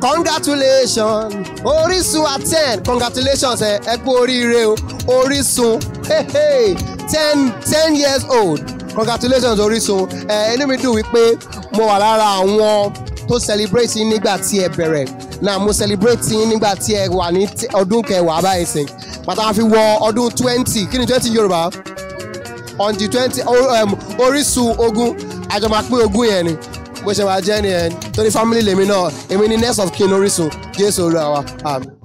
congratulations Orísun attend congratulations ẹ ẹ kú oríire o Orísun hey, hey, ten ten years old congratulations Orísun ẹ inú mi dùn wípé mo wà lára àwọn tó celebrate yín nígbà tí ẹ bẹ̀rẹ̀ náà mo celebrate yín nígbà tí ẹ wà ní ọdún kẹwàá báyìí sìn pàtàkì fi wọ ọdún twenty kí ni twenty Yorùbá on the twenty um, Orísun ogún àjọmọ̀ pé ogún yẹn ni bó ṣe wà jẹ́ nìyẹn torí family lèmi náà èmi ni next of kin Orísun Jésù Olúwa wa àmín.